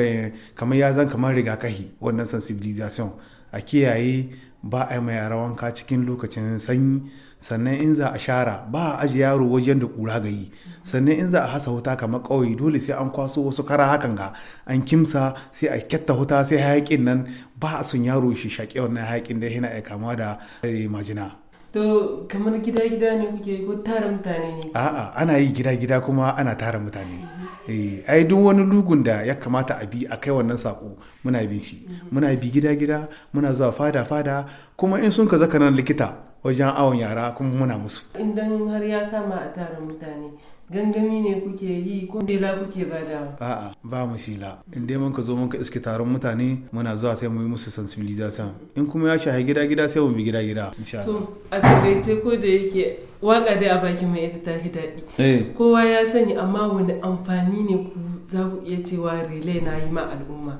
kamar ya zan kamar rigakahi wannan sensibilization a kiyaye ba a yi wanka cikin lokacin sanyi sannan in za a shara ba a aji yaro wajen da kura yi sannan in za a hasa wuta kamar ƙauye dole sai an kwaso wasu kara hakan ga an kimsa sai a kyatta wuta sai hayakin nan ba a son yaro shi shaƙe wannan hayakin da yana iya kama da eh, majina to kamar gida-gida ne kuke ko tara mutane ne a'a ana yi gida-gida kuma ana tara mutane eh ai duk wani lugun da ya kamata a bi a kai wannan sako muna bin shi muna bi gida-gida muna zuwa fada-fada kuma in sun ka zaka nan likita wajen awon yara kuma muna musu idan har ya kama a tara mutane gangami ne kuke yi ko sila kuke bada a'a ba mu sila in dai mun ka zo mun ka iske taron mutane muna zuwa sai mu yi musu sensibilization in kuma ya shahi gida gida sai mu bi gida gida insha Allah to a takaice ko da yake waka dai a baki mai ita ta daɗi eh. kowa ya sani amma wani amfani ne ku za ku iya cewa relay na yi ma al'umma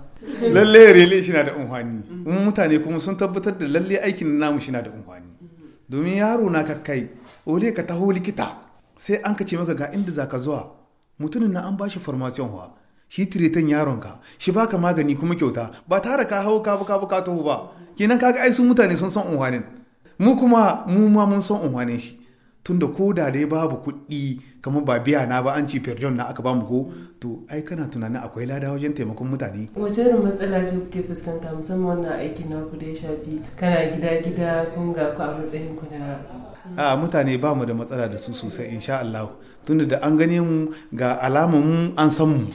lalle relay shi na da amfani mutane kuma sun tabbatar da lalle aikin namu shi na da amfani domin yaro na kakkai ole ka taho likita sai an ka ce maka ga inda za ka zuwa mutumin na an bashi formation wa shi tiritan yaronka shi baka magani kuma kyauta ba tare ka hau ka buka buka taho ba kenan kaga ai sun mutane sun san unwanin mu kuma mu ma mun san unhwanin shi tunda ko da dai babu kuɗi kamar ba biya na ba an ci firjon na aka bamu ko to ai kana tunanin akwai lada wajen taimakon mutane wace irin matsala ce kuke fuskanta musamman wannan aikin na ku da ya shafi kana gida gida kun ga ku a matsayin ku na a mutane ba mu da matsala da su sosai insha Allah tunda da an gani mu ga alaman mu an san mu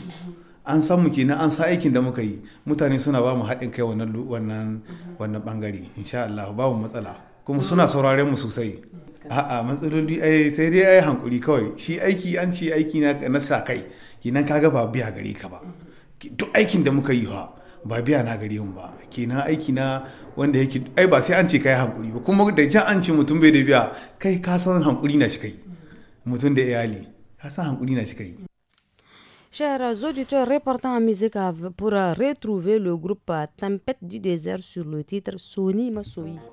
an san mu kenan an sa aikin da muka yi mutane suna ba mu haɗin kai wannan wannan wannan bangare insha Allah ba mu matsala kuma suna sauraren mu sosai fuskanta a'a matsaloli ai sai dai ai hankuri kawai shi aiki an ce aiki na na sa kai kenan kaga ba biya gare ka ba duk aikin da muka yi ha ba biya na gare mu ba kenan aiki na wanda yake ai ba sai an ce kai hankuri ba kuma da jan an ce mutum bai da biya kai ka san hankuri na shi kai mutum da iyali ka san hankuri na shi kai Chers auditeurs, reportant en musique pour euh, retrouver le groupe euh, Tempête du désert sur le titre Sony Masoui.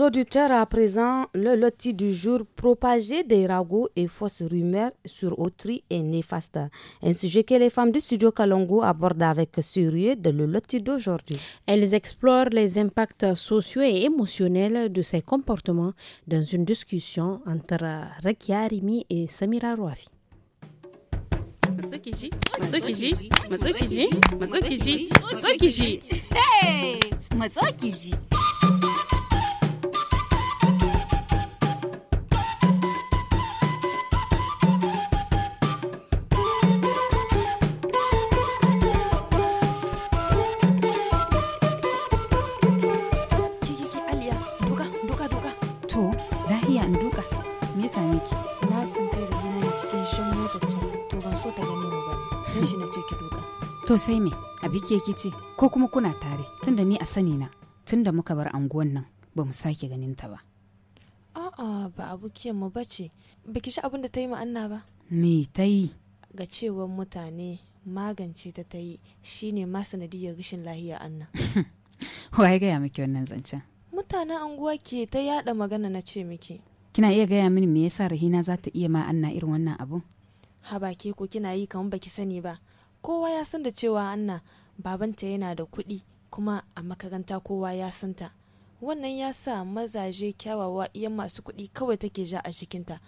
auditeurs, à présent, le loti du jour propagé des ragots et fausses rumeurs sur autrui et néfaste. Un sujet que les femmes du studio Kalongo abordent avec sérieux de le loti d'aujourd'hui. Elles explorent les impacts sociaux et émotionnels de ces comportements dans une discussion entre Rekia Arimi et Samira Rouafi. Hey! same ki na san kai da yana ne cikin shan motar can to ban so ta gane ba dan shi na ce ki doka to sai me abi ke ce ko kuma kuna tare tunda ni a sani na tunda muka bar anguwan nan ba mu sake ganin ta ba a'a ba abokiyar mu bace baki shi abin ta yi ma'anna ba me ta yi ga cewar mutane magance ta ta yi shine ma sanadiyar rashin lahiya anna wai gaya miki wannan zancen mutanen anguwa ke ta yada magana na ce miki kina iya gaya mini me yasa rahina za ta iya ma anna irin wannan abu. ha ke ko kina yi kamar baki sani ba kowa ya san da cewa anna babanta yana da kuɗi kuma a makaranta kowa ya santa wannan ya sa mazaje kyawawa iyan masu kuɗi kawai take ja a cikinta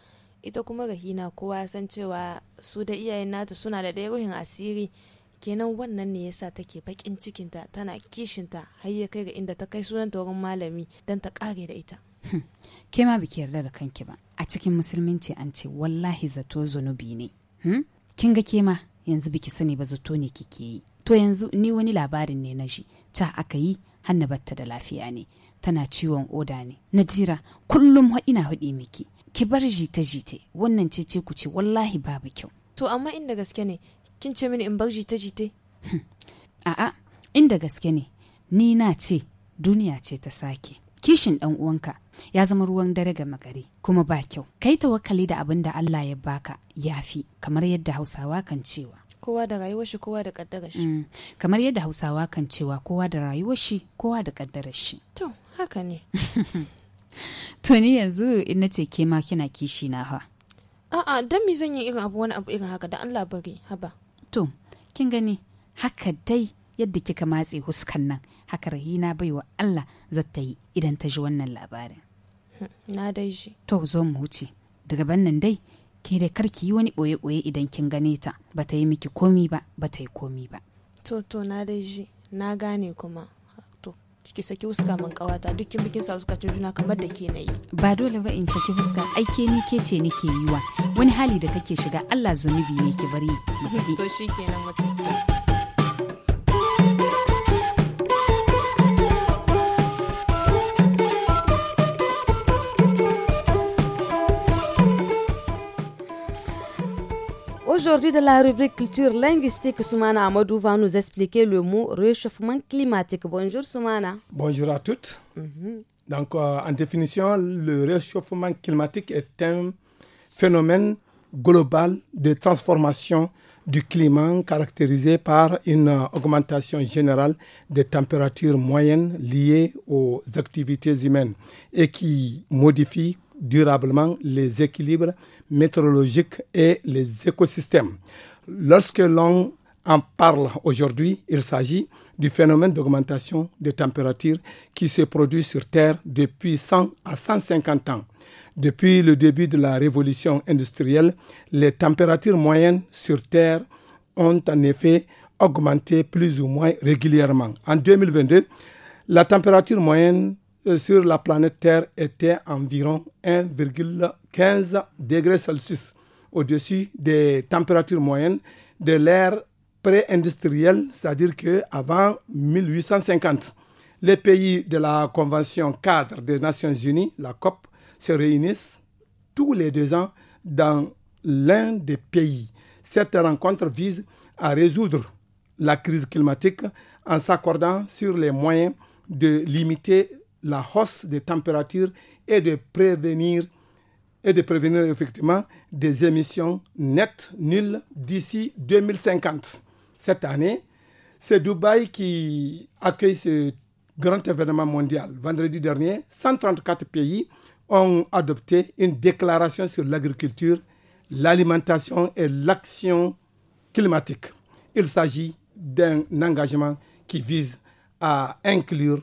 ita kuma rahina kowa ya san cewa su da iyayen nata suna da ɗaya ruhin asiri kenan wannan ne yasa take bakin cikinta tana kishinta har ya kai ga inda ta kai sunanta wurin malami don ta kare da ita Hmm. ke ma biki yarda da kanki ba a cikin musulminci an ce wallahi zato zunubi ne hmm? kin ga ke ma yanzu biki sani ba zato ne kike yi to yanzu ni wani labarin ne na shi ta aka yi hanna batta da lafiya ne tana ciwon oda ne nadira kullum na haɗi miki ki bar jita jite wannan ce ce ku ce wallahi babu kyau to amma inda gaske ne kin ce mini in bar jita jite hmm. a'a inda gaske ne ni na ce duniya ce ta sake kishin dan uwanka ya zama ruwan dare ga magari kuma ba kyau kai tawakkali da abin da Allah ya baka yafi kamar yadda Hausawa kan cewa kowa da rayuwar shi kowa da kaddarar shi mm. kamar yadda Hausawa kan cewa kowa da rayuwar shi kowa da kaddarar shi to haka ne to ni yanzu in nace ke ma kina kishi na ha a'a dan me zan yi irin abu wani abu irin haka da Allah bari haba to kin gani haka dai yadda kika matse huskan nan haka rahina baiwa Allah zata yi idan ta ji wannan labarin na dai shi to zo mu wuce daga bannan dai ke da karki yi wani ɓoye-ɓoye idan kin gane ta ba ta yi miki komi ba ba ta yi komi ba to to na dai shi na gane kuma to ki saki huska man kawata duk kin bikin sa suka juna kamar da ke nayi ba dole ba in saki huska ai ke ni ke ce nake yi wa wani hali da kake shiga Allah zunubi ne ki bari to shikenan mutum Aujourd'hui, de la rubrique culture linguistique, Soumana Amadou va nous expliquer le mot réchauffement climatique. Bonjour Soumana. Bonjour à toutes. Mhm. Donc, euh, en définition, le réchauffement climatique est un phénomène global de transformation du climat caractérisé par une euh, augmentation générale des températures moyennes liées aux activités humaines et qui modifie durablement les équilibres météorologiques et les écosystèmes. Lorsque l'on en parle aujourd'hui, il s'agit du phénomène d'augmentation des températures qui se produit sur Terre depuis 100 à 150 ans. Depuis le début de la révolution industrielle, les températures moyennes sur Terre ont en effet augmenté plus ou moins régulièrement. En 2022, la température moyenne euh, sur la planète Terre était environ 1,15 degrés Celsius au-dessus des températures moyennes de l'ère pré-industrielle, c'est-à-dire qu'avant 1850. Les pays de la Convention cadre des Nations Unies, la COP, se réunissent tous les deux ans dans l'un des pays. Cette rencontre vise à résoudre la crise climatique en s'accordant sur les moyens de limiter la hausse des températures et de prévenir et de prévenir effectivement des émissions nettes nulles d'ici 2050. Cette année, c'est Dubaï qui accueille ce grand événement mondial. Vendredi dernier, 134 pays ont adopté une déclaration sur l'agriculture, l'alimentation et l'action climatique. Il s'agit d'un engagement qui vise à inclure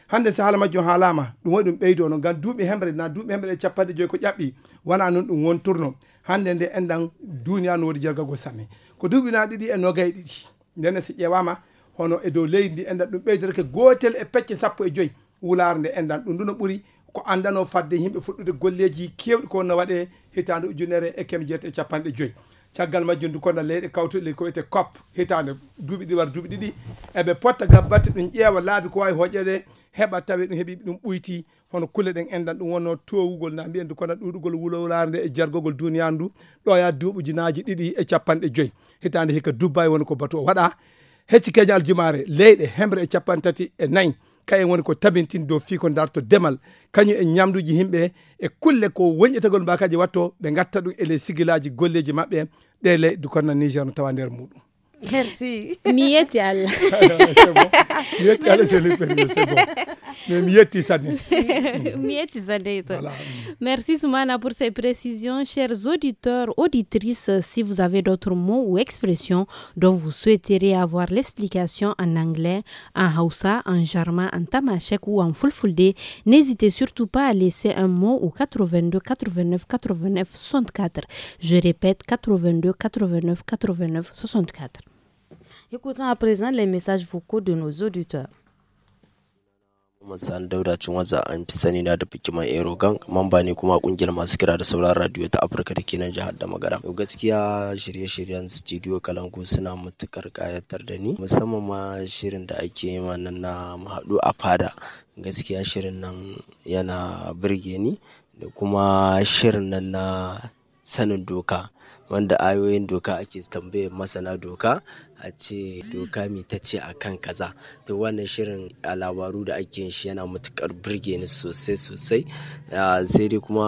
hande si haala majjum haalama ɗum waɗi ɗum ɓeydo no ngam duuɓi hemre na duuɓi hemre capanɗe joyi ko ƴaɓɓi wona noon ɗum wonturno hande nde enɗan duniya no wodi jargago same ko duuɓi na ɗiɗi e nogaye ɗiɗi nden si ƴewama hono e dow leydi ndi enɗan ɗum ke gotel e pecce sappo e joyi wulare nde enɗan ɗum nduno ɓuuri ko andano fadde yimɓe fuɗɗude golleji kewɗi ko no waɗe hitande ujunere e keme jeete e capanɗe joyi caggal majjum kono leyɗe kawtuɗe ko wiyete cop hitande duuɓi ɗi wara duuɓi ɗiɗi eɓe potta gabbatte ɗum ƴeewa laabi ko wawi hoƴƴede heɓa tawe ɗum heeɓi ɗum ɓoyti hono kulle ɗen endan ɗum wonno towugol na mbiyen kono ɗuɗugol wulowlare nde e jargogol duniya ndu ɗo ya duuɓi ujunaji ɗiɗi e capanɗe joyyi hitande hikka dubbay woni ko batu o waɗa keñal jumare leyɗe hemre e capanɗe tati e nayyi kayen woni ko tabintin dow fii ko darto demal kañum e ñamduji yimɓe e kulle ko woñƴetagol mbakaji watto ɓe gatta ɗum ele sigilaji golleji mabɓe ɗe leyɗi konna niger no tawa nder muɗum Merci. Mietial. Ah, Mietial, c'est le premier, c'est bon. Mais Merci Soumana pour ces précisions. Chers auditeurs, auditrices, si vous avez d'autres mots ou expressions dont vous souhaiterez avoir l'explication en anglais, en Hausa, en Jarma, en Tamashek ou en Fulfulde, n'hésitez surtout pas à laisser un mot au 82 89 89 64. Je répète, 82 89 89 64. Écoutons à présent les messages vocaux de nos auditeurs. Mansan Dauda Cinwaza an fi sani na da fikiman Erogan mamba ne kuma kungiyar masu kira da sauran radio ta Afirka da ke nan jihar da Magara. gaskiya shirye-shiryen studio Kalangu suna matukar kayatar da ni musamman ma shirin da ake yi nan na haɗu a fada. Gaskiya shirin nan yana birge ni da kuma shirin nan na sanin doka wanda ayoyin doka ake tambayar masana doka a ce doka me ta ce akan kaza to wannan shirin a labaru da ake shi yana matukar burge ni sosai sosai sai dai kuma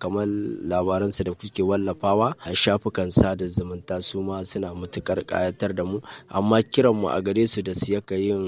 kamar labaransa da kuke wallafawa a shafukan sada zumunta su ma suna matukar kayatar da mu amma kiran mu a gare su da su yaka yin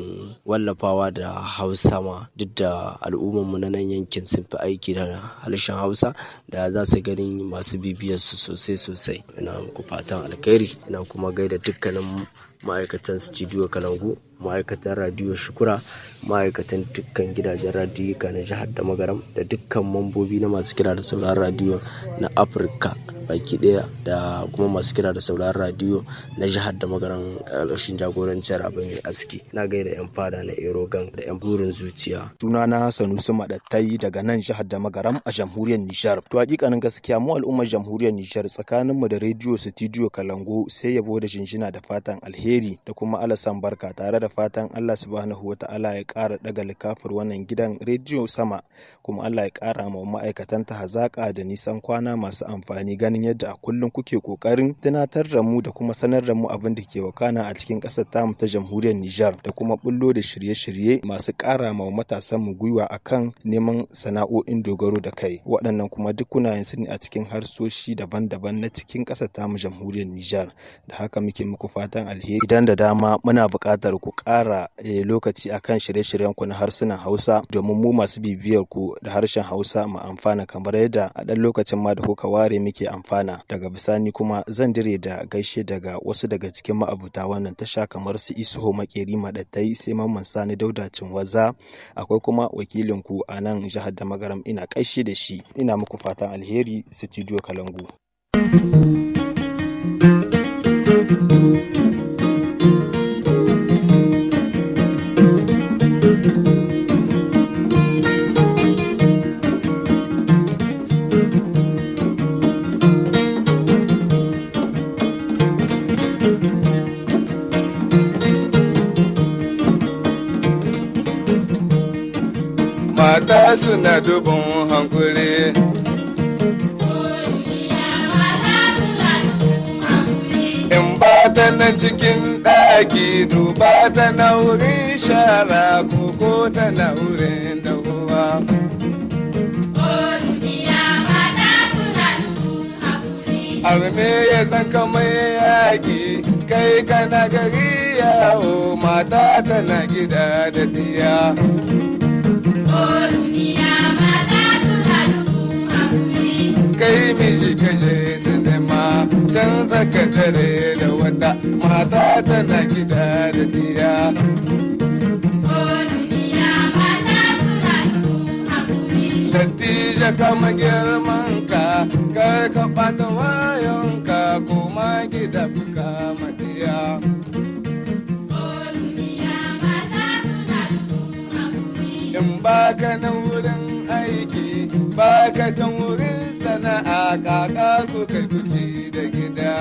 wallafawa da hausa ma duk da al'ummar mu na nan yankin sun fi aiki da harshen hausa da za su ganin masu bibiyar su sosai sosai ina ku fatan alkhairi ina kuma gaida dukkan 嗯。ma'aikatan studio Kalangu, ma'aikatan Radio Shukura, ma'aikatan dukkan gidajen radiyika na jihar da magaram da dukkan mambobi na masu kira da sauraron radiyo na Afirka baki daya da kuma masu kira da sauraron radiyo na jihar da magaran eh, rashin jagorancin rabu mai aski na gaida 'yan fada na erogan da 'yan burin zuciya na sanusi madattai daga nan jihar da magaram a jamhuriyar nijar to hakikanin gaskiya mu al'ummar jamhuriyar nijar tsakaninmu da rediyo studio kalangu sai yabo da shinshina da fatan alheri alheri da kuma alasan barka tare da fatan Allah subhanahu wata'ala ya kara daga likafar wannan gidan rediyo sama kuma Allah ya kara ma ma'aikatan ta hazaka. da nisan kwana masu amfani ganin yadda a kullum kuke ƙoƙarin tunatar da mu da kuma sanar da mu abin da ke wakana a cikin ƙasar tamu ta jamhuriyar Nijar da kuma bullo da shirye-shirye masu kara ma matasan mu gwiwa akan neman sana'o'in dogaro da kai waɗannan kuma duk kuna yin ne a cikin harsoshi daban-daban na cikin ƙasar tamu jamhuriyar Nijar da haka muke muku fatan alheri idan da dama muna buƙatar ku ƙara eh, lokaci akan shirye-shiryenku na harsunan Hausa domin mu masu bibiyar ku da harshen Hausa mu amfana kamar yadda a ɗan lokacin ma da kuka ware muke amfana. Daga bisani kuma zan dire da gaishe daga wasu daga cikin ma'abuta wannan tasha kamar su Isuho Makeri Madattai sai Mamman Sani Daudacin Waza akwai kuma wakilin ku a nan jihar da Magaram ina kaishe da shi ina muku fatan alheri studio Kalangu. thank you mata suna dubin hankuri in ba ta na cikin ɗaki duba ta na wurin shara koko ta na wurin dawowa arme ya zan kamar yaƙi kai kana gari yawo mata tana gida da diya kai miji kaje sinima can zaka dare da wata mata tana gida da diya Latija kama ka. kar ka ɓata wayonka kuma gida buka. ka nan wurin aiki ba ka can wurin sana'a kaka ku kai da gida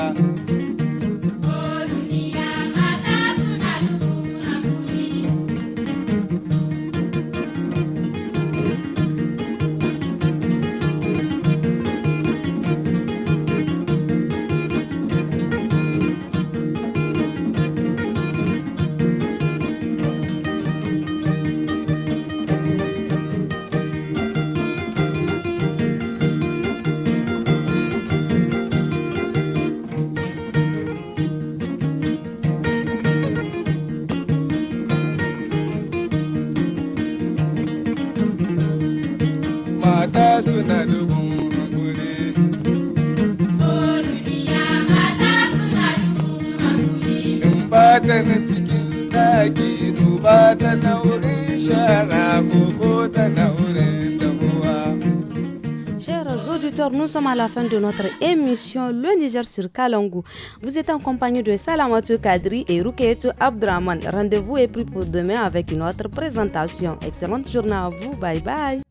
nous sommes à la fin de notre émission Le Niger sur Kalangu. Vous êtes en compagnie de Salamatou Kadri et Ruketu Abdraman. Rendez-vous est pris pour demain avec une autre présentation. Excellente journée à vous. Bye bye.